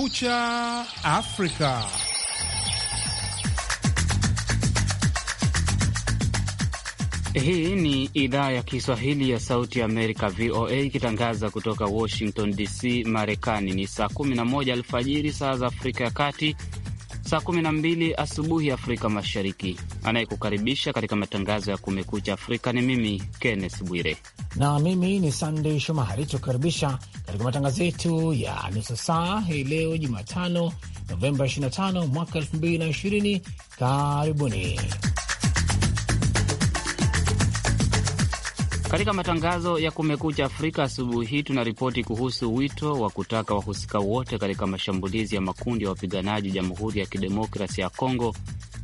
Kumekucha Afrika. Hii ni idhaa ya Kiswahili ya Sauti ya Amerika, VOA, ikitangaza kutoka Washington DC, Marekani. Ni saa 11 alfajiri saa za Afrika ya Kati saa 12 asubuhi Afrika Mashariki. Anayekukaribisha katika matangazo ya Kumekucha Afrika ni mimi Kenneth Bwire na mimi ni Sandey Shomari, tukukaribisha katika matangazo yetu ya nusu saa hii leo Jumatano, Novemba 25 mwaka 2020. Karibuni. Katika matangazo ya Kumekucha Afrika asubuhi hii tunaripoti kuhusu wito wa kutaka wahusika wote katika mashambulizi ya makundi ya wapiganaji Jamhuri ya Kidemokrasi ya Kongo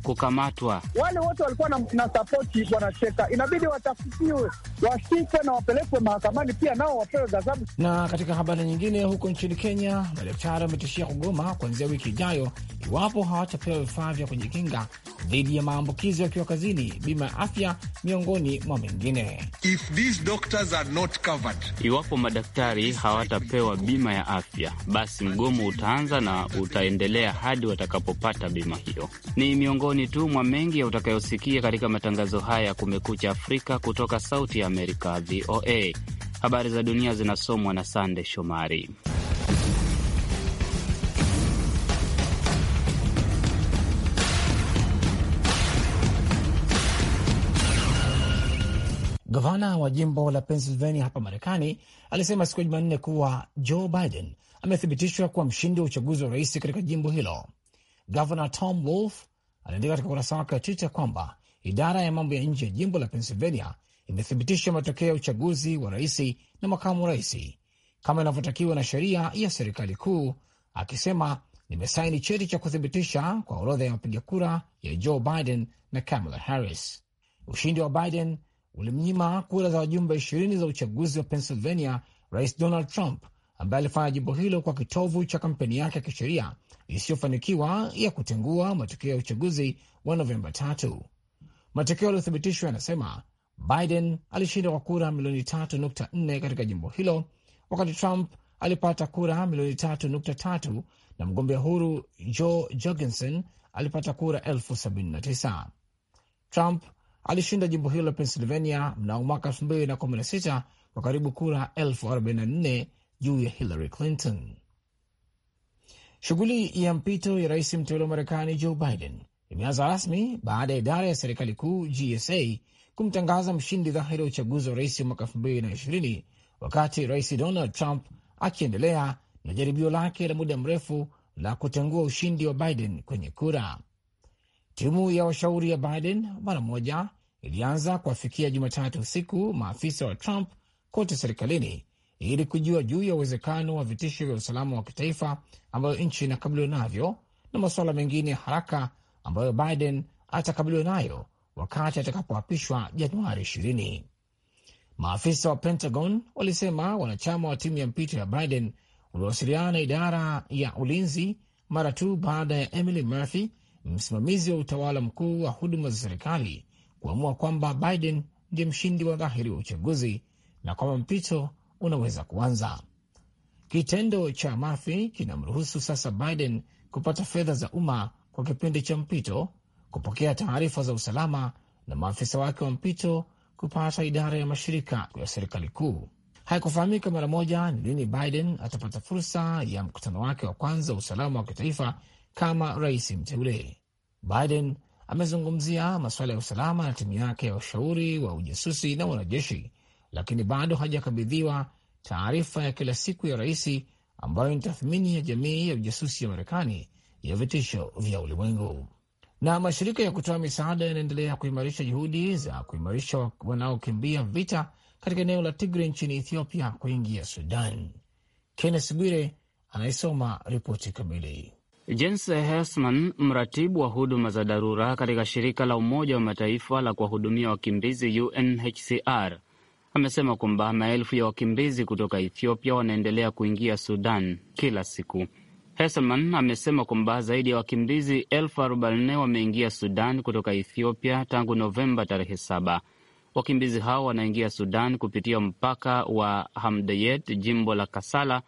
kukamatwa. Wale wote walikuwa na, na sapoti Bwana inabidi watafutiwe, washikwe na wapelekwe mahakamani, pia nao wapewe ghadhabu. Na katika habari nyingine, huko nchini Kenya, madaktari wametishia kugoma kuanzia wiki ijayo iwapo hawatapewa vifaa vya kujikinga dhidi ya maambukizi wakiwa kazini, bima ya afya, miongoni mwa mengine. Iwapo madaktari hawatapewa bima ya afya, basi mgomo utaanza na utaendelea hadi watakapopata bima hiyo. Ni miongoni tu mwa mengi utakayosikia katika matangazo haya ya Kumekucha Afrika kutoka Sauti ya Amerika, VOA. Habari za dunia zinasomwa na Sande Shomari. Gavana wa jimbo la Pennsylvania hapa Marekani alisema siku ya Jumanne kuwa Joe Biden amethibitishwa kuwa mshindi wa uchaguzi wa rais katika jimbo hilo. Gavana Tom Wolf aliandika katika ukurasa wake wa Twitter kwamba idara ya mambo ya nje ya jimbo la Pennsylvania imethibitisha matokeo ya uchaguzi wa rais na makamu rais kama inavyotakiwa na sheria ya serikali kuu, akisema nimesaini cheti cha kuthibitisha kwa orodha ya wapiga kura ya Joe Biden na Kamala Harris. Ushindi wa Biden ulimnyima kura za wajumbe ishirini za uchaguzi wa Pennsylvania Rais Donald Trump ambaye alifanya jimbo hilo kwa kitovu cha kampeni yake ya kisheria isiyofanikiwa ya kutengua matokeo ya uchaguzi wa Novemba tatu. Matokeo yaliyothibitishwa yanasema Biden alishinda kwa kura milioni 3.4 katika jimbo hilo, wakati Trump alipata kura milioni 3.3 na mgombea huru Joe Jorgensen alipata kura elfu 79. Trump Alishinda jimbo hilo la Pennsylvania mnamo mwaka 2016 kwa karibu kura elfu 44 juu ya Hillary Clinton. Shughuli ya mpito ya rais mteule wa Marekani Joe Biden imeanza rasmi baada ya idara ya serikali kuu GSA kumtangaza mshindi dhahiri wa uchaguzi wa rais wa mwaka 2020 wakati rais Donald Trump akiendelea na jaribio lake la muda mrefu la kutengua ushindi wa Biden kwenye kura. Timu ya washauri ya Biden mara moja ilianza kuwafikia Jumatatu usiku maafisa wa Trump kote serikalini ili kujua juu ya uwezekano wa vitisho vya usalama wa kitaifa ambayo nchi inakabiliwa navyo na masuala mengine ya haraka ambayo Biden atakabiliwa nayo wakati atakapoapishwa Januari 20. Maafisa wa Pentagon walisema wanachama wa timu ya mpito ya Biden waliwasiliana na idara ya ulinzi mara tu baada ya Emily Murphy, msimamizi wa utawala mkuu wa huduma za serikali kuamua kwamba Biden ndiye mshindi wa dhahiri wa uchaguzi na kwamba mpito unaweza kuanza. Kitendo cha Murphy kinamruhusu sasa Biden kupata fedha za umma kwa kipindi cha mpito, kupokea taarifa za usalama na maafisa wake wa mpito kupata idara ya mashirika ya serikali kuu. Haikufahamika mara moja ni lini Biden atapata fursa ya mkutano wake wa kwanza wa usalama wa kitaifa kama rais mteule. Biden amezungumzia masuala ya usalama na timu yake ya ushauri wa ujasusi na wanajeshi, lakini bado hajakabidhiwa taarifa ya kila siku ya rais ambayo ni tathmini ya jamii ya ujasusi ya Marekani ya vitisho vya ulimwengu. Na mashirika ya kutoa misaada yanaendelea kuimarisha juhudi za kuimarisha wanaokimbia vita katika eneo la Tigre nchini Ethiopia kuingia Sudan. Kennes Bwire anayesoma ripoti kamili. Jens hesman mratibu wa huduma za dharura katika shirika la Umoja wa Mataifa la kuwahudumia wakimbizi UNHCR, amesema kwamba maelfu ya wakimbizi kutoka Ethiopia wanaendelea kuingia Sudan kila siku. Hesman amesema kwamba zaidi ya wakimbizi elfu arobaini wameingia Sudan kutoka Ethiopia tangu Novemba tarehe saba. Wakimbizi hao wanaingia Sudan kupitia mpaka wa Hamdayet, jimbo la Kasala,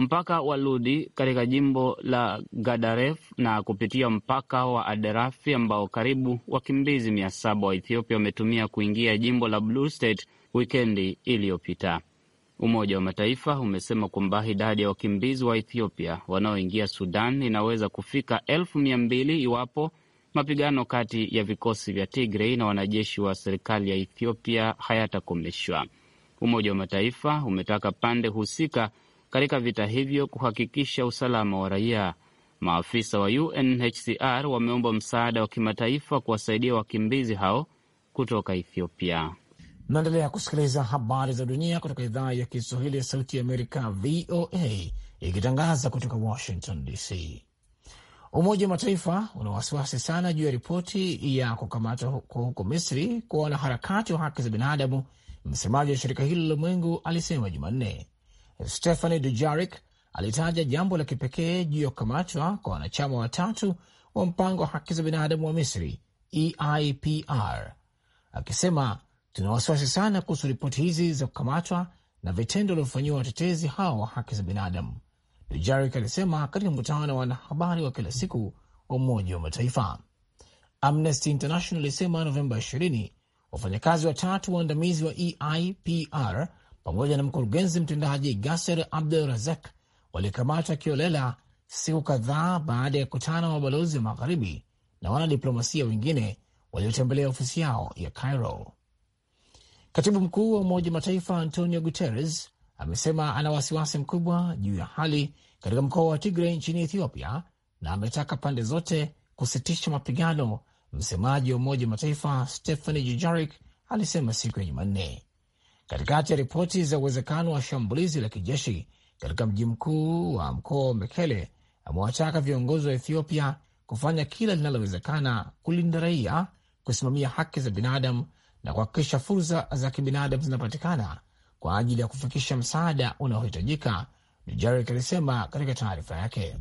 mpaka wa Ludi katika jimbo la Gadaref na kupitia mpaka wa Aderafi ambao karibu wakimbizi mia saba wa Ethiopia wametumia kuingia jimbo la Blue State wikendi iliyopita. Umoja wa Mataifa umesema kwamba idadi ya wakimbizi wa Ethiopia wanaoingia Sudan inaweza kufika elfu mia mbili iwapo mapigano kati ya vikosi vya Tigrei na wanajeshi wa serikali ya Ethiopia hayatakomeshwa. Umoja wa Mataifa umetaka pande husika katika vita hivyo kuhakikisha usalama wa raia. Maafisa wa UNHCR wameomba msaada wa kimataifa kuwasaidia wakimbizi hao kutoka Ethiopia. Naendelea kusikiliza habari za dunia kutoka idhaa ya Kiswahili ya Sauti ya Amerika, VOA, ikitangaza kutoka Washington DC. Umoja wa Mataifa una wasiwasi sana juu ya ripoti ya kukamatwa kwa huko Misri kwa wanaharakati wa haki za binadamu. Msemaji wa shirika hilo la ulimwengu alisema Jumanne stehani dujarik alitaja jambo la kipekee juu ya kukamatwa kwa wanachama watatu wa mpango wa haki za binadamu wa Misri EIPR akisema, tuna wasiwasi sana kuhusu ripoti hizi za kukamatwa na vitendo waliofanyiwa watetezi hao wa haki za binadamu, Dujarric alisema katika mkutano na wanahabari wa kila siku wa Umoja wa Mataifa. Amnesty International ilisema Novemba 20 wafanyakazi watatu waandamizi wa EIPR pamoja na mkurugenzi mtendaji gaser Abdul Razak walikamata kiolela siku kadhaa baada ya kutana na mabalozi wa magharibi na wanadiplomasia wengine waliotembelea ofisi yao ya Cairo. Katibu mkuu wa Umoja Mataifa Antonio Guterres amesema ana wasiwasi mkubwa juu ya hali katika mkoa wa Tigray nchini Ethiopia na ametaka pande zote kusitisha mapigano. Msemaji wa Umoja Mataifa stephani Dujarric alisema siku ya Jumanne katikati ya ripoti za uwezekano wa shambulizi la kijeshi katika mji mkuu wa mkoa Mekele. Amewataka viongozi wa Ethiopia kufanya kila linalowezekana kulinda raia, kusimamia haki za binadamu na kuhakikisha fursa za kibinadamu zinapatikana kwa ajili ya kufikisha msaada unaohitajika, Dujarric alisema katika taarifa yake.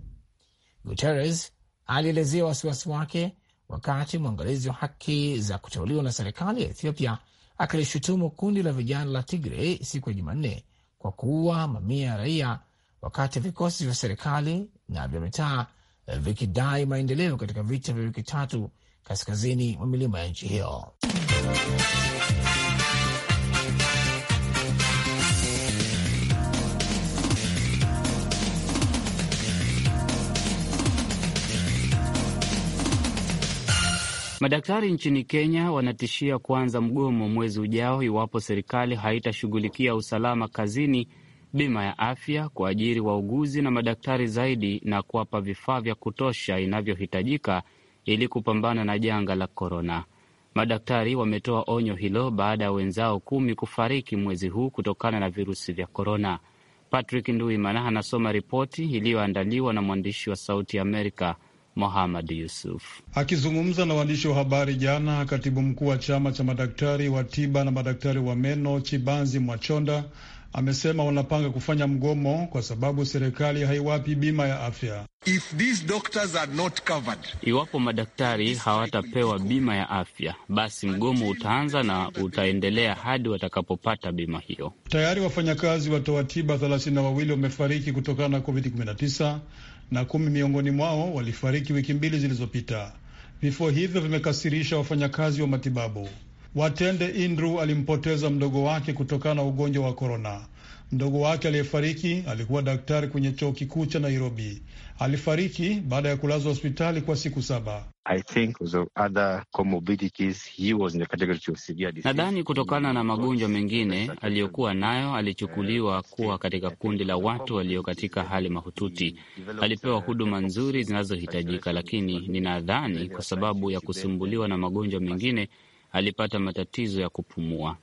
Guterres alielezea wasiwasi wake wakati mwangalizi wa haki za kuteuliwa na serikali ya Ethiopia akilishutumu kundi la vijana la tigre siku ya Jumanne kwa kuua mamia ya raia wakati vikosi vya serikali na vya mitaa vikidai maendeleo katika vita vya wiki tatu kaskazini mwa milima ya nchi hiyo. Madaktari nchini Kenya wanatishia kuanza mgomo mwezi ujao iwapo serikali haitashughulikia usalama kazini, bima ya afya, kuajiri wauguzi na madaktari zaidi na kuwapa vifaa vya kutosha inavyohitajika ili kupambana na janga la korona. Madaktari wametoa onyo hilo baada ya wenzao kumi kufariki mwezi huu kutokana na virusi vya korona. Patrick Nduimana anasoma ripoti iliyoandaliwa na mwandishi wa Sauti ya Amerika Mohamed Yusuf. Akizungumza na waandishi wa habari jana, katibu mkuu wa chama cha madaktari wa tiba na madaktari wa meno Chibanzi Mwachonda amesema wanapanga kufanya mgomo kwa sababu serikali haiwapi bima ya afya. If these doctors are not covered, iwapo madaktari hawatapewa bima ya afya, basi mgomo utaanza na utaendelea hadi watakapopata bima hiyo. Tayari wafanyakazi watoa tiba thelathini na wawili wamefariki kutokana na COVID-19 na kumi miongoni mwao walifariki wiki mbili zilizopita. Vifo hivyo vimekasirisha wafanyakazi wa matibabu. Watende Indru alimpoteza mdogo wake kutokana na ugonjwa wa korona. Ndugu wake aliyefariki alikuwa daktari kwenye chuo kikuu cha Nairobi. Alifariki baada ya kulazwa hospitali kwa siku saba. Nadhani kutokana na magonjwa mengine aliyokuwa nayo, alichukuliwa kuwa katika kundi la watu walio katika hali mahututi. Alipewa huduma nzuri zinazohitajika, lakini ninadhani kwa sababu ya kusumbuliwa na magonjwa mengine alipata matatizo ya kupumua.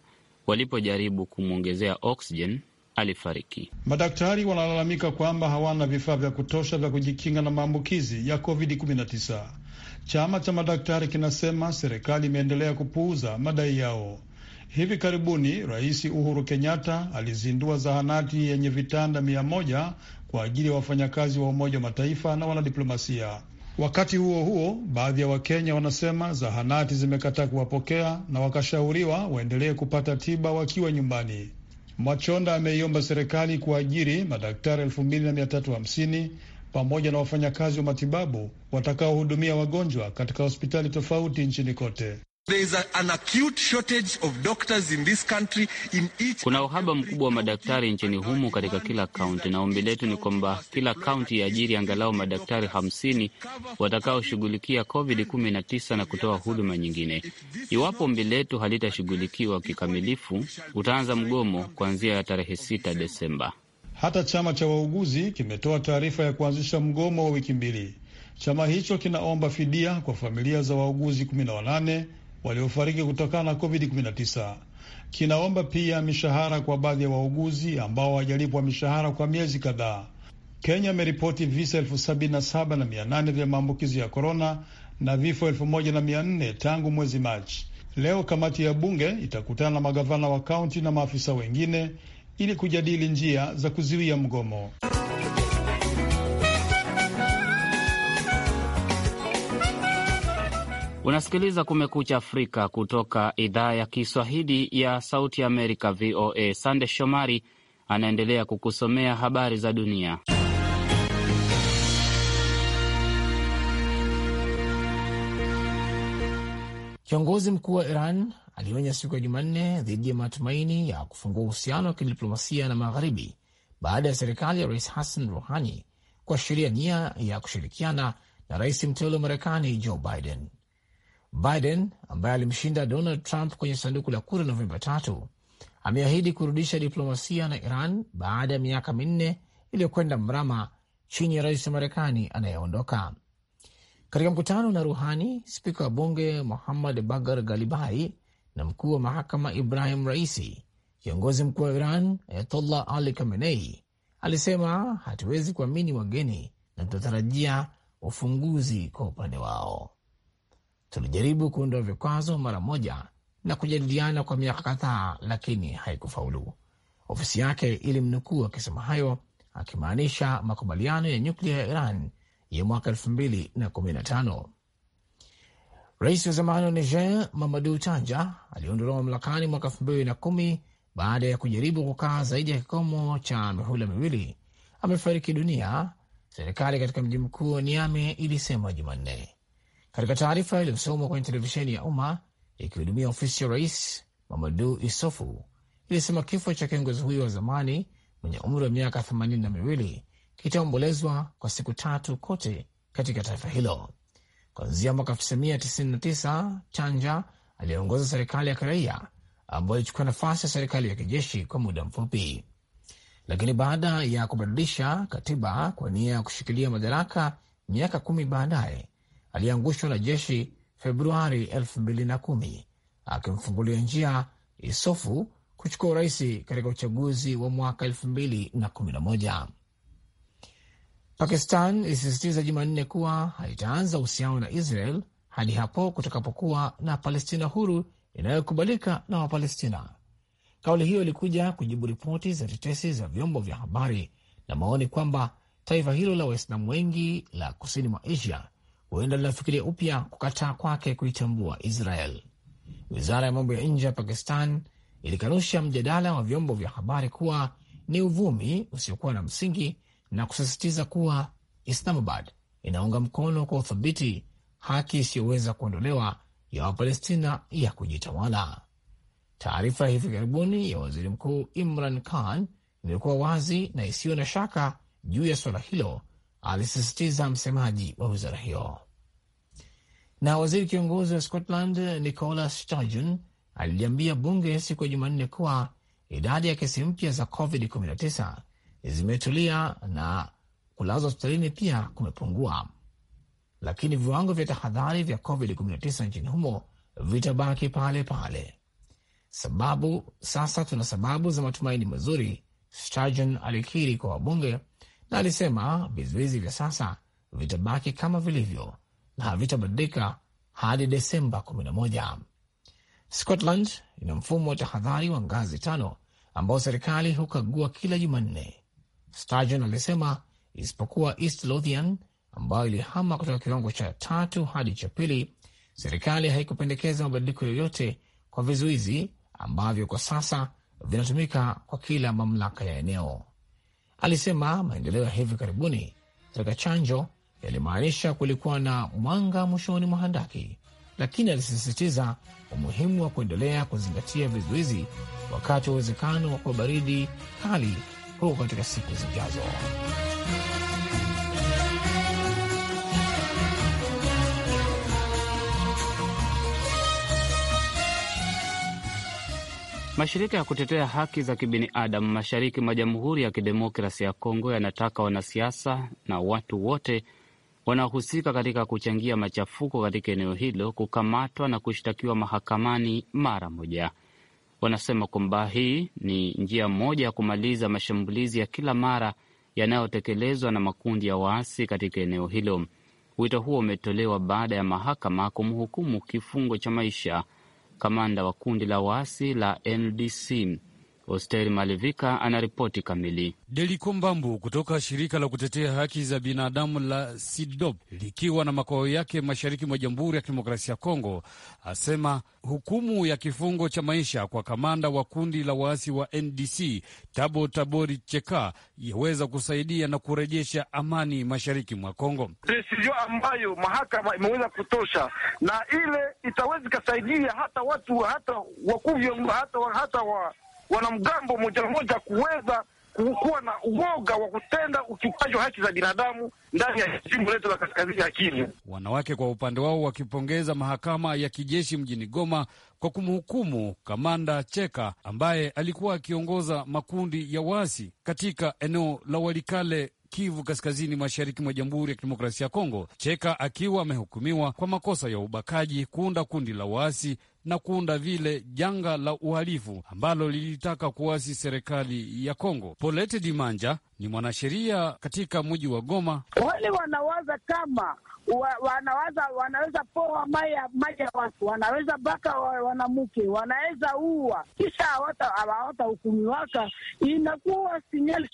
Walipojaribu kumwongezea oksijeni alifariki. Madaktari wanalalamika kwamba hawana vifaa vya kutosha vya kujikinga na maambukizi ya COVID-19. Chama cha madaktari kinasema serikali imeendelea kupuuza madai yao. Hivi karibuni Rais Uhuru Kenyatta alizindua zahanati yenye vitanda mia moja kwa ajili ya wafanyakazi wa Umoja wa Mataifa na wanadiplomasia. Wakati huo huo, baadhi ya Wakenya wanasema zahanati zimekataa kuwapokea na wakashauriwa waendelee kupata tiba wakiwa nyumbani. Machonda ameiomba serikali kuajiri madaktari elfu mbili na mia tatu hamsini pamoja na wafanyakazi wa matibabu watakaohudumia wagonjwa katika hospitali tofauti nchini kote. Kuna uhaba mkubwa wa madaktari nchini humu katika kila kaunti, na ombi letu ni kwamba kila kaunti iajiri angalau madaktari hamsini watakaoshughulikia COVID-19 na kutoa huduma nyingine. Iwapo ombi letu halitashughulikiwa kikamilifu, utaanza mgomo kuanzia ya tarehe 6 Desemba. Hata chama cha wauguzi kimetoa taarifa ya kuanzisha mgomo wa wiki mbili. Chama hicho kinaomba fidia kwa familia za wauguzi 18 waliofariki kutokana na COVID-19. Kinaomba pia mishahara kwa baadhi ya wauguzi ambao hawajalipwa mishahara kwa miezi kadhaa. Kenya imeripoti visa elfu sabini na saba na mia nane vya maambukizi ya korona na vifo elfu moja na mia nne tangu mwezi Machi. Leo kamati ya bunge itakutana na magavana wa kaunti na maafisa wengine ili kujadili njia za kuzuia mgomo. Unasikiliza Kumekucha Afrika kutoka idhaa ya Kiswahili ya Sauti Amerika, VOA. Sande Shomari anaendelea kukusomea habari za dunia. Kiongozi mkuu wa Iran alionya siku ya Jumanne dhidi ya matumaini ya kufungua uhusiano wa kidiplomasia na Magharibi baada ya serikali ya Rais Hassan Rouhani kuashiria nia ya kushirikiana na rais mteule wa Marekani Joe Biden. Biden ambaye alimshinda Donald Trump kwenye sanduku la kura Novemba tatu ameahidi kurudisha diplomasia na Iran baada ya miaka minne iliyokwenda mrama chini ya rais wa Marekani anayeondoka. Katika mkutano na Ruhani, spika wa bunge Muhammad Bagar Galibai na mkuu wa mahakama Ibrahim Raisi, kiongozi mkuu wa Iran Ayatollah Ali Khamenei alisema hatuwezi kuamini wageni na tunatarajia ufunguzi kwa upande wao. Tulijaribu kuondoa vikwazo mara moja na kujadiliana kwa miaka kadhaa, lakini haikufaulu. Ofisi yake ilimnukuu akisema hayo, akimaanisha makubaliano ya nyuklia ya Iran ya mwaka elfu mbili na kumi na tano. Rais wa zamani wa Niger Mamadu Tanja aliondolewa mamlakani mwaka elfu mbili na kumi baada ya kujaribu kukaa zaidi ya kikomo cha mihula miwili. Amefariki dunia, serikali katika mji mkuu wa Niame ilisema Jumanne. Katika taarifa iliyosomwa kwenye televisheni ya umma ikihudumia ofisi ya rais, Mamadu Isofu ilisema kifo cha kiongozi huyo wa zamani mwenye umri wa miaka themanini na miwili kitaombolezwa kwa siku tatu kote katika taifa hilo. Kuanzia mwaka 1999 Chanja aliyeongoza serikali ya kiraia ambayo ilichukua nafasi ya serikali ya kijeshi kwa muda mfupi, lakini baada ya kubadilisha katiba kwa nia ya kushikilia madaraka miaka kumi baadaye aliyeangushwa na jeshi Februari 2010 akimfungulia njia Isofu kuchukua urais katika uchaguzi wa mwaka 2011. Pakistan ilisisitiza Jumanne kuwa haitaanza uhusiano na Israel hadi hapo kutakapokuwa na Palestina huru inayokubalika na Wapalestina. Kauli hiyo ilikuja kujibu ripoti za tetesi za vyombo vya habari na maoni kwamba taifa hilo la Waislamu wengi la kusini mwa Asia huenda linafikiria upya kukataa kwake kuitambua Israel. Wizara ya mambo ya nje ya Pakistan ilikanusha mjadala wa vyombo vya habari kuwa ni uvumi usiokuwa na msingi na kusisitiza kuwa Islamabad inaunga mkono kwa uthabiti haki isiyoweza kuondolewa ya Wapalestina ya kujitawala. Taarifa ya hivi karibuni ya waziri mkuu Imran Khan imekuwa wazi na isiyo na shaka juu ya suala hilo alisisitiza msemaji wa wizara hiyo. Na waziri kiongozi wa Scotland Nicola Sturgeon aliliambia bunge siku ya Jumanne kuwa idadi ya kesi mpya za COVID-19 zimetulia na kulazwa hospitalini pia kumepungua, lakini viwango vya tahadhari vya COVID-19 nchini humo vitabaki pale pale. Sababu sasa tuna sababu za matumaini mazuri, Sturgeon alikiri kwa wabunge na alisema vizuizi vya sasa vitabaki kama vilivyo na havitabadilika hadi Desemba 11. Scotland ina mfumo wa tahadhari wa ngazi tano ambao serikali hukagua kila Jumanne, Sturgeon alisema, isipokuwa East Lothian ambayo ilihama kutoka kiwango cha tatu hadi cha pili. Serikali haikupendekeza mabadiliko yoyote kwa vizuizi ambavyo kwa sasa vinatumika kwa kila mamlaka ya eneo. Alisema maendeleo ya hivi karibuni katika chanjo yalimaanisha kulikuwa na mwanga mwishoni mwa handaki, lakini alisisitiza umuhimu wa kuendelea kuzingatia vizuizi wakati wa uwezekano wa kuwa baridi kali huko katika siku zijazo. Mashirika ya kutetea haki za kibinadamu mashariki mwa Jamhuri ya Kidemokrasi ya Kongo yanataka wanasiasa na watu wote wanaohusika katika kuchangia machafuko katika eneo hilo kukamatwa na kushtakiwa mahakamani mara moja. Wanasema kwamba hii ni njia moja ya kumaliza mashambulizi ya kila mara yanayotekelezwa na makundi ya waasi katika eneo hilo. Wito huo umetolewa baada ya mahakama kumhukumu kifungo cha maisha kamanda wa kundi la waasi la NDC Osteri Malivika anaripoti kamili. Deliko Mbambu kutoka shirika la kutetea haki za binadamu la SIDOP likiwa na makao yake mashariki mwa Jamhuri ya Kidemokrasia ya Kongo asema hukumu ya kifungo cha maisha kwa kamanda wa kundi la waasi wa NDC Tabo Tabori Cheka yaweza kusaidia na kurejesha amani mashariki mwa Kongo. Presidio ambayo mahakama imeweza kutosha na ile itaweza ikasaidia hata watu hata wakuvyo hata, hata wa wanamgambo moja moja kuweza kuwa na uoga wa kutenda ukiukaji wa haki za binadamu ndani ya jimbo letu la kaskazini ya Kivu. Wanawake kwa upande wao wakipongeza mahakama ya kijeshi mjini Goma kwa kumhukumu kamanda Cheka ambaye alikuwa akiongoza makundi ya waasi katika eneo la Walikale Kivu kaskazini mashariki mwa Jamhuri ya Kidemokrasia ya Kongo. Cheka akiwa amehukumiwa kwa makosa ya ubakaji, kuunda kundi la waasi na kuunda vile janga la uhalifu ambalo lilitaka kuasi serikali ya Kongo. Polete Dimanja ni mwanasheria katika mji wa Goma. Wale wanawaza kama wa, wanawaza wanaweza poa maji ya watu, wanaweza baka wanamke, wanaweza ua, kisha hawatahukumiwaka. Inakuwa sinyali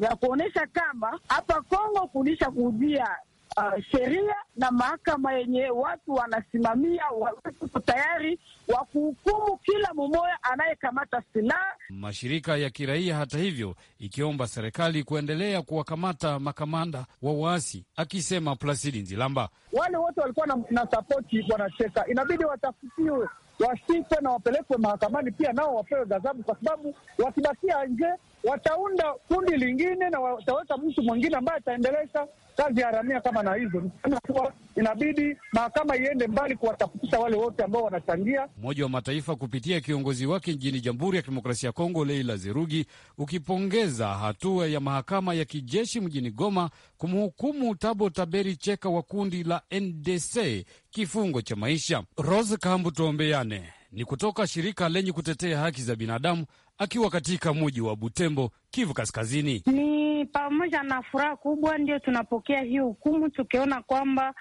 ya kuonyesha kama hapa Kongo kulisha kujia uh, sheria na mahakama yenye watu wanasimamia wawekuko tayari wa kuhukumu kila mumoya anayekamata silaha. Mashirika ya kiraia hata hivyo ikiomba serikali kuendelea kuwakamata makamanda wa waasi, akisema Plasidi Nzilamba, wale wote walikuwa na, na sapoti wanacheka, inabidi watafutiwe wasitwe na wapelekwe mahakamani, pia nao wapewe ghadhabu, kwa sababu wakibakia nje wataunda kundi lingine na wataweka mtu mwingine ambaye ataendeleza kazi ya haramia kama na hizo. Nisema kuwa inabidi mahakama iende mbali kuwatafutisha wale wote ambao wanachangia. Umoja wa Mataifa kupitia kiongozi wake nchini Jamhuri ya Kidemokrasia ya Kongo Leila Zerugi ukipongeza hatua ya mahakama ya kijeshi mjini Goma kumhukumu Tabo Taberi Cheka wa kundi la NDC kifungo cha maisha. Rose Kambu Tuombeane ni kutoka shirika lenye kutetea haki za binadamu akiwa katika muji wa Butembo, Kivu Kaskazini. Ni pamoja na furaha kubwa, ndio tunapokea hii hukumu tukiona kwamba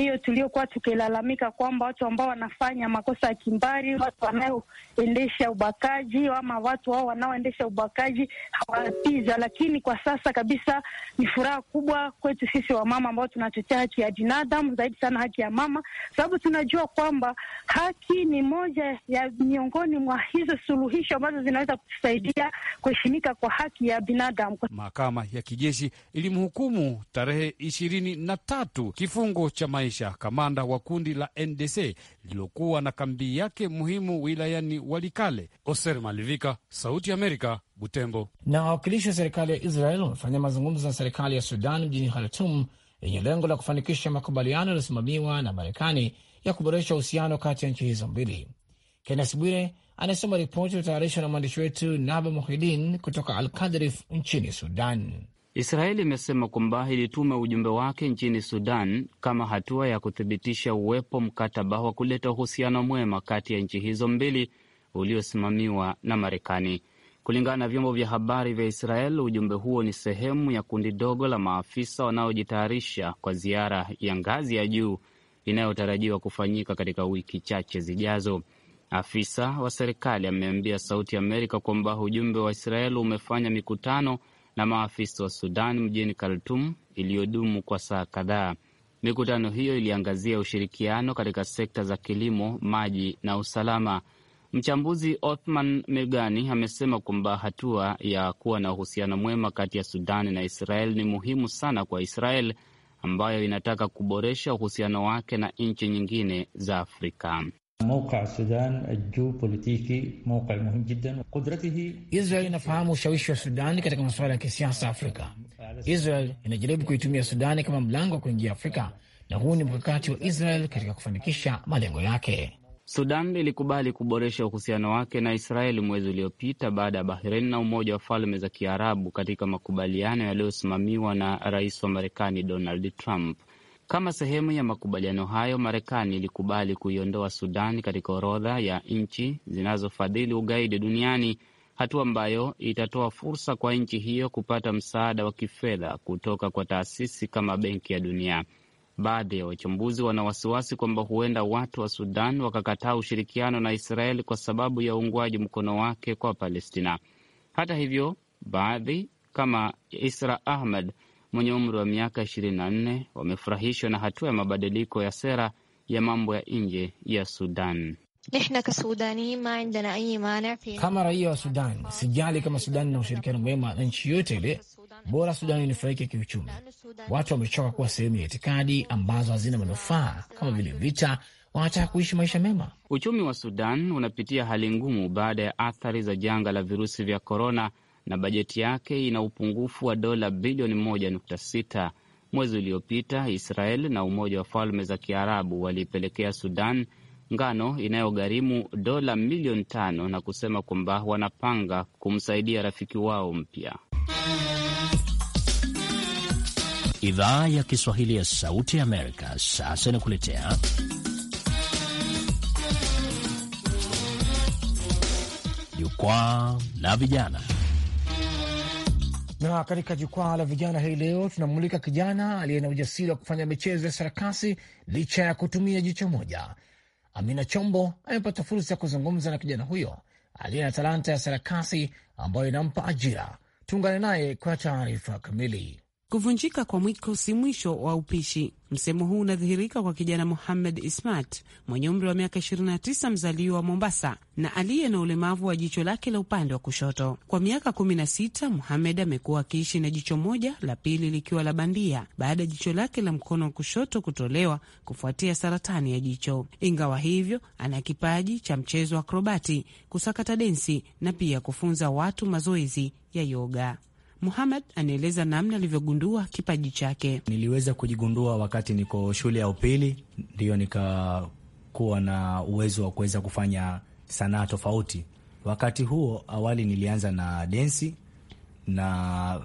hiyo tuliokuwa tukilalamika kwamba watu ambao wanafanya makosa ya kimbari, watu wanaoendesha ubakaji ama watu hao wanaoendesha ubakaji hawatiza. Lakini kwa sasa kabisa ni furaha kubwa kwetu sisi wamama ambao tunatetea haki ya binadamu, zaidi sana haki ya mama, sababu tunajua kwamba haki ni moja ya miongoni mwa hizo suluhisho ambazo zinaweza kutusaidia kuheshimika kwa haki ya binadamu. Mahakama ya kijeshi ilimhukumu tarehe ishirini na tatu kifungo cha maisha maisha, kamanda wa kundi la NDC lililokuwa na kambi yake muhimu wilayani Walikale. Oser Malivika, Sauti Amerika, Butembo. Na wawakilishi wa serikali ya Israel wamefanya mazungumzo na serikali ya Sudan mjini Khartum yenye lengo la kufanikisha makubaliano yaliyosimamiwa na Marekani ya kuboresha uhusiano kati ya nchi hizo mbili. kennes Bwire anasoma ripoti iliyotayarishwa na mwandishi wetu Naba Muhidin kutoka Al nchini Sudan. Israeli imesema kwamba ilituma ujumbe wake nchini Sudan kama hatua ya kuthibitisha uwepo mkataba wa kuleta uhusiano mwema kati ya nchi hizo mbili uliosimamiwa na Marekani. Kulingana na vyombo vya habari vya Israel, ujumbe huo ni sehemu ya kundi dogo la maafisa wanaojitayarisha kwa ziara ya ngazi ya juu inayotarajiwa kufanyika katika wiki chache zijazo. Afisa wa serikali ameambia Sauti ya Amerika kwamba ujumbe wa Israel umefanya mikutano na maafisa wa Sudan mjini Khartum iliyodumu kwa saa kadhaa. Mikutano hiyo iliangazia ushirikiano katika sekta za kilimo, maji na usalama. Mchambuzi Othman Megani amesema kwamba hatua ya kuwa na uhusiano mwema kati ya sudani na Israel ni muhimu sana kwa Israel ambayo inataka kuboresha uhusiano wake na nchi nyingine za Afrika. Mawqi Sudan aljupolitiki mawqi muhim jiddan qudratihi. Israel inafahamu ushawishi wa Sudani katika masuala ya kisiasa Afrika. Israel inajaribu kuitumia Sudani kama mlango wa kuingia Afrika, na huu ni mkakati wa Israel katika kufanikisha malengo yake. Sudan ilikubali kuboresha uhusiano wake na Israeli mwezi uliopita baada ya Bahrain na Umoja wa Falme za Kiarabu katika makubaliano yaliyosimamiwa na rais wa Marekani Donald Trump. Kama sehemu ya makubaliano hayo, Marekani ilikubali kuiondoa Sudan katika orodha ya nchi zinazofadhili ugaidi duniani, hatua ambayo itatoa fursa kwa nchi hiyo kupata msaada wa kifedha kutoka kwa taasisi kama Benki ya Dunia. Baadhi ya wachambuzi wana wasiwasi kwamba huenda watu wa Sudan wakakataa ushirikiano na Israeli kwa sababu ya uungwaji mkono wake kwa Palestina. Hata hivyo, baadhi kama Isra Ahmed mwenye umri wa miaka 24 wamefurahishwa na hatua ya mabadiliko ya sera ya mambo ya nje ya Sudan. Kama raia wa Sudan sijali kama Sudani na ushirikiano mwema na nchi yoyote ile, bora Sudani inufaike kiuchumi. Watu wamechoka kuwa sehemu ya itikadi ambazo hazina manufaa kama vile vita, wanataka kuishi maisha mema. Uchumi wa Sudan unapitia hali ngumu baada ya athari za janga la virusi vya korona na bajeti yake ina upungufu wa dola bilioni 1.6. Mwezi uliopita Israel na Umoja wa Falme za Kiarabu waliipelekea Sudan ngano inayogharimu dola milioni tano na kusema kwamba wanapanga kumsaidia rafiki wao mpya. Idhaa ya Kiswahili ya Sauti ya Amerika sasa inakuletea jukwaa la vijana. Na katika jukwaa la vijana hii leo tunamulika kijana aliye na ujasiri wa kufanya michezo ya sarakasi licha ya kutumia jicho moja. Amina Chombo amepata fursa ya kuzungumza na kijana huyo aliye na talanta ya sarakasi ambayo inampa ajira. Tuungane naye kwa taarifa kamili. Kuvunjika kwa mwiko si mwisho wa upishi. Msemo huu unadhihirika kwa kijana Muhamed Ismat mwenye umri wa miaka 29 mzaliwa wa Mombasa na aliye na ulemavu wa jicho lake la upande wa kushoto. Kwa miaka 16 Muhamed amekuwa akiishi na jicho moja, la pili likiwa la bandia, baada ya jicho lake la mkono wa kushoto kutolewa kufuatia saratani ya jicho. Ingawa hivyo, ana kipaji cha mchezo wa akrobati, kusakata densi na pia kufunza watu mazoezi ya yoga muhamad anaeleza namna alivyogundua kipaji chake. Niliweza kujigundua wakati niko shule ya upili, ndiyo nikakuwa na uwezo wa kuweza kufanya sanaa tofauti. Wakati huo awali nilianza na densi, na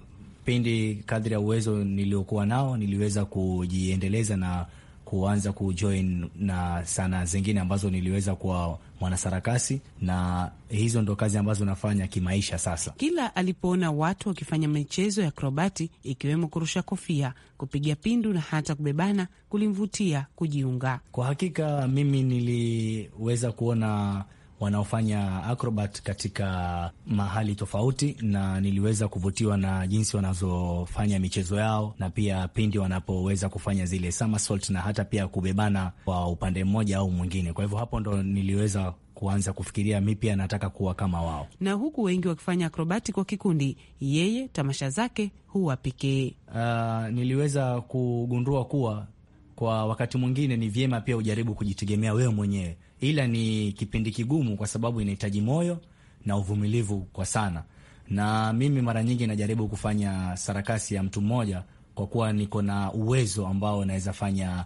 pindi kadri ya uwezo niliokuwa nao niliweza kujiendeleza na kuanza kujoin na sanaa zingine ambazo niliweza kuwa mwanasarakasi, na hizo ndo kazi ambazo nafanya kimaisha sasa. Kila alipoona watu wakifanya michezo ya akrobati ikiwemo kurusha kofia, kupiga pindu na hata kubebana kulimvutia kujiunga. Kwa hakika mimi niliweza kuona wanaofanya acrobat katika mahali tofauti, na niliweza kuvutiwa na jinsi wanavyofanya michezo yao, na pia pindi wanapoweza kufanya zile somersault na hata pia kubebana kwa upande mmoja au mwingine. Kwa hivyo hapo ndo niliweza kuanza kufikiria mi pia nataka kuwa kama wao. Na huku wengi wakifanya akrobati kwa kikundi, yeye tamasha zake huwa pekee. Uh, niliweza kugundua kuwa kwa wakati mwingine ni vyema pia ujaribu kujitegemea wewe mwenyewe ila ni kipindi kigumu, kwa sababu inahitaji moyo na uvumilivu kwa sana. Na mimi mara nyingi najaribu kufanya sarakasi ya mtu mmoja, kwa kuwa niko na uwezo ambao naweza fanya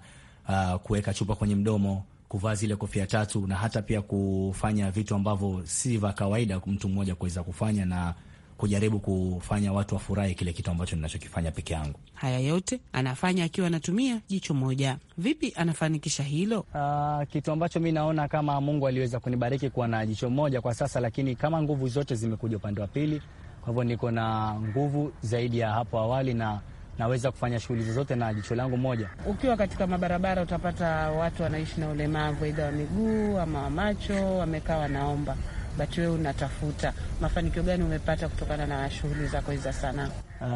uh, kuweka chupa kwenye mdomo, kuvaa zile kofia tatu, na hata pia kufanya vitu ambavyo si vya kawaida mtu mmoja kuweza kufanya na kujaribu kufanya watu wafurahi kile kitu ambacho ninachokifanya peke yangu. Haya yote anafanya akiwa anatumia jicho moja. Vipi anafanikisha hilo? Uh, kitu ambacho mi naona kama Mungu aliweza kunibariki kuwa na jicho moja kwa sasa, lakini kama nguvu zote zimekuja upande wa pili, kwa hivyo niko na nguvu zaidi ya hapo awali na naweza kufanya shughuli zozote na jicho langu moja. Ukiwa katika mabarabara, utapata watu wanaishi na ulemavu, aidha wa miguu ama wa macho, wamekaa wanaomba but wewe unatafuta mafanikio gani umepata kutokana na shughuli zako hizi za sanaa? Uh,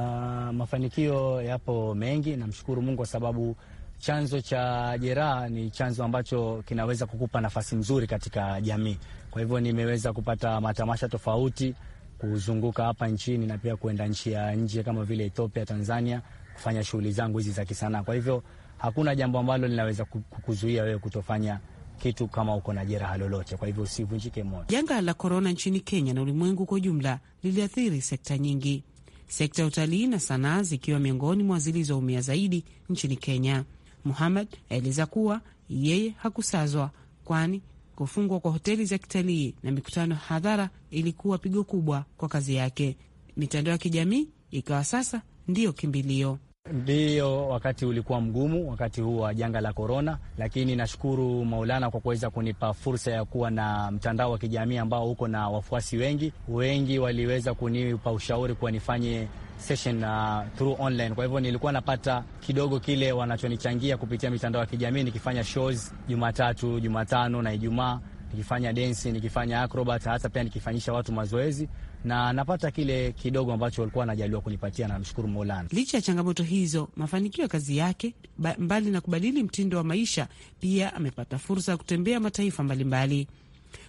mafanikio yapo mengi, namshukuru Mungu kwa sababu chanzo cha jeraha ni chanzo ambacho kinaweza kukupa nafasi nzuri katika jamii. Kwa hivyo nimeweza kupata matamasha tofauti kuzunguka hapa nchini na pia kuenda nchi ya nje kama vile Ethiopia, Tanzania kufanya shughuli zangu hizi za kisanaa. Kwa hivyo hakuna jambo ambalo linaweza kukuzuia wewe kutofanya kitu kama uko na jeraha lolote. Kwa hivyo usivunjike moyo. Janga la korona nchini Kenya na ulimwengu kwa ujumla liliathiri sekta nyingi, sekta ya utalii na sanaa zikiwa miongoni mwa zilizoumia zaidi nchini Kenya. Muhammad aeleza kuwa yeye hakusazwa, kwani kufungwa kwa hoteli za kitalii na mikutano hadhara ilikuwa pigo kubwa kwa kazi yake. Mitandao ya kijamii ikawa sasa ndiyo kimbilio ndio wakati ulikuwa mgumu, wakati huu wa janga la korona, lakini nashukuru Maulana kwa kuweza kunipa fursa ya kuwa na mtandao wa kijamii ambao uko na wafuasi wengi. Wengi waliweza kunipa ushauri kuwa nifanye session uh, through online. Kwa hivyo nilikuwa napata kidogo kile wanachonichangia kupitia mitandao ya kijamii nikifanya shows Jumatatu, Jumatano na Ijumaa, nikifanya densi, nikifanya acrobat, hata pia nikifanyisha watu mazoezi na napata kile kidogo ambacho walikuwa wanajaliwa kunipatia, na namshukuru Maulana. Licha ya changamoto hizo, mafanikio ya kazi yake, mbali na kubadili mtindo wa maisha, pia amepata fursa ya kutembea mataifa mbalimbali mbali.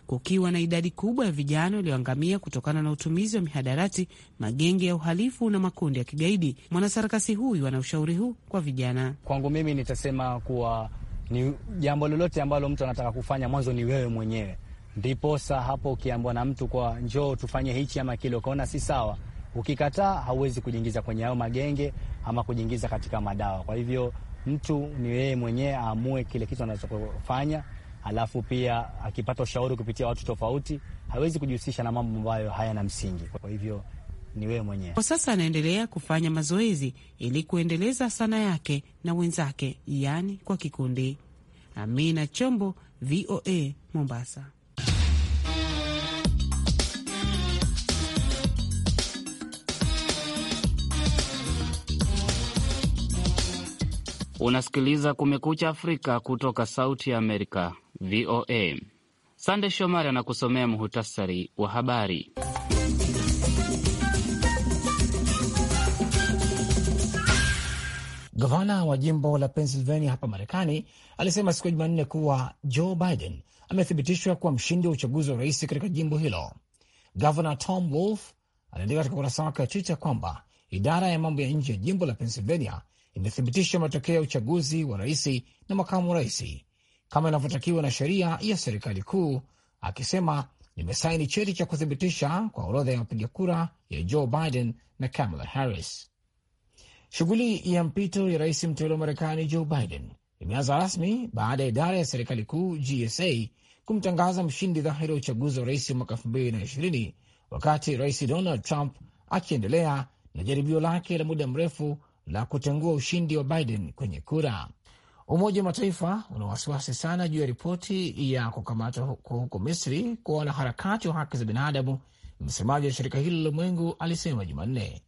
Kukiwa na idadi kubwa ya vijana walioangamia kutokana na utumizi wa mihadarati, magenge ya uhalifu na makundi ya kigaidi, mwanasarakasi huyu ana ushauri huu kwa vijana. Kwangu mimi nitasema kuwa ni jambo lolote ambalo mtu anataka kufanya, mwanzo ni wewe mwenyewe Ndiposa hapo ukiambwa na mtu kwa njoo tufanye hichi ama kile, ukaona si sawa, ukikataa hauwezi kujiingiza kwenye hayo magenge ama kujiingiza katika madawa. Kwa hivyo mtu ni yeye mwenyewe aamue kile kitu anachofanya, alafu pia akipata ushauri kupitia watu tofauti, hawezi kujihusisha na mambo ambayo hayana msingi. Kwa hivyo ni wewe mwenyewe. Kwa sasa anaendelea kufanya mazoezi ili kuendeleza sana yake na wenzake, yaani kwa kikundi. Amina Chombo, VOA, Mombasa. Unasikiliza Kumekucha Afrika kutoka Sauti ya Amerika, VOA. Sande Shomari anakusomea muhutasari wa habari. Gavana wa jimbo la Pennsylvania hapa Marekani alisema siku ya Jumanne kuwa Joe Biden amethibitishwa kuwa mshindi wa uchaguzi wa rais katika jimbo hilo. Gavana Tom Wolf aliandika katika ukurasa wake wa Twitter kwamba idara ya mambo ya nje ya jimbo la Pennsylvania imethibitisha matokeo ya uchaguzi wa rais na makamu rais kama inavyotakiwa na sheria ya serikali kuu, akisema nimesaini cheti cha kuthibitisha kwa orodha ya wapiga kura ya Joe Biden na Kamala Harris. Shughuli ya mpito ya rais mteule wa Marekani Joe Biden imeanza rasmi baada ya idara ya serikali kuu GSA kumtangaza mshindi dhahiri wa uchaguzi wa rais wa mwaka elfu mbili na ishirini wakati rais Donald Trump akiendelea na jaribio lake la muda mrefu la kutengua ushindi wa Biden kwenye kura. Umoja wa Mataifa una wasiwasi sana juu ya ripoti ya kukamatwa kwa huko Misri kwa wanaharakati wa haki za binadamu. Msemaji wa shirika hilo la ulimwengu alisema Jumanne.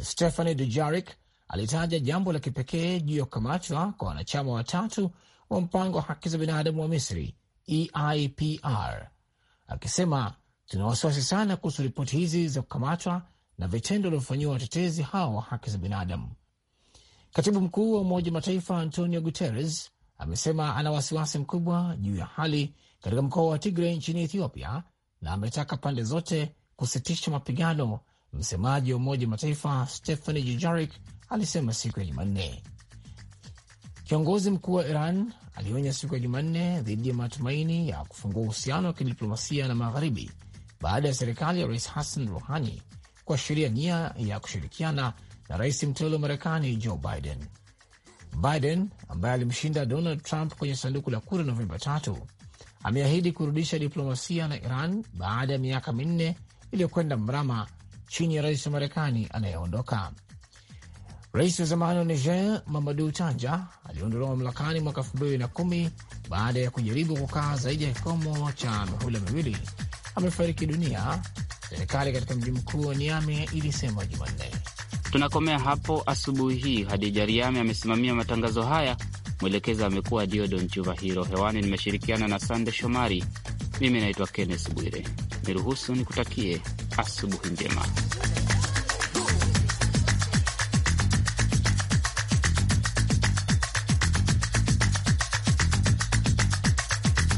Stephane dujarik alitaja jambo la kipekee juu ya kukamatwa kwa wanachama watatu wa mpango wa haki za binadamu wa Misri, EIPR, akisema tuna wasiwasi sana kuhusu ripoti hizi za kukamatwa na vitendo vilivyofanyiwa watetezi hao wa haki za binadamu. Katibu mkuu wa Umoja wa Mataifa Antonio Guterres amesema ana wasiwasi mkubwa juu ya hali katika mkoa wa Tigray nchini Ethiopia na ametaka pande zote kusitisha mapigano. Msemaji wa Umoja wa Mataifa stehani jijarik alisema siku ya Jumanne. Kiongozi mkuu wa Iran alionya siku ya Jumanne dhidi ya matumaini ya kufungua uhusiano wa kidiplomasia na Magharibi baada ya serikali ya Rais Hassan Rouhani kuashiria nia ya kushirikiana na rais mteule wa Marekani Joe Biden. Biden ambaye alimshinda Donald Trump kwenye sanduku la kura Novemba tatu ameahidi kurudisha diplomasia na Iran baada ya miaka minne iliyokwenda mrama chini ya rais wa Marekani anayeondoka. Rais wa zamani wa Niger Mamadu Tanja aliondolewa mamlakani mwaka elfu mbili na kumi baada ya kujaribu kukaa zaidi ya kikomo cha mihula miwili. Amefariki dunia, serikali katika mji mkuu wa Niamey ilisema Jumanne. Tunakomea hapo asubuhi hii. Hadija Riame amesimamia matangazo haya, mwelekezi amekuwa Diodon Hiro. Hewani nimeshirikiana na Sande Shomari. Mimi naitwa Kennes Bwire, niruhusu nikutakie asubuhi njema.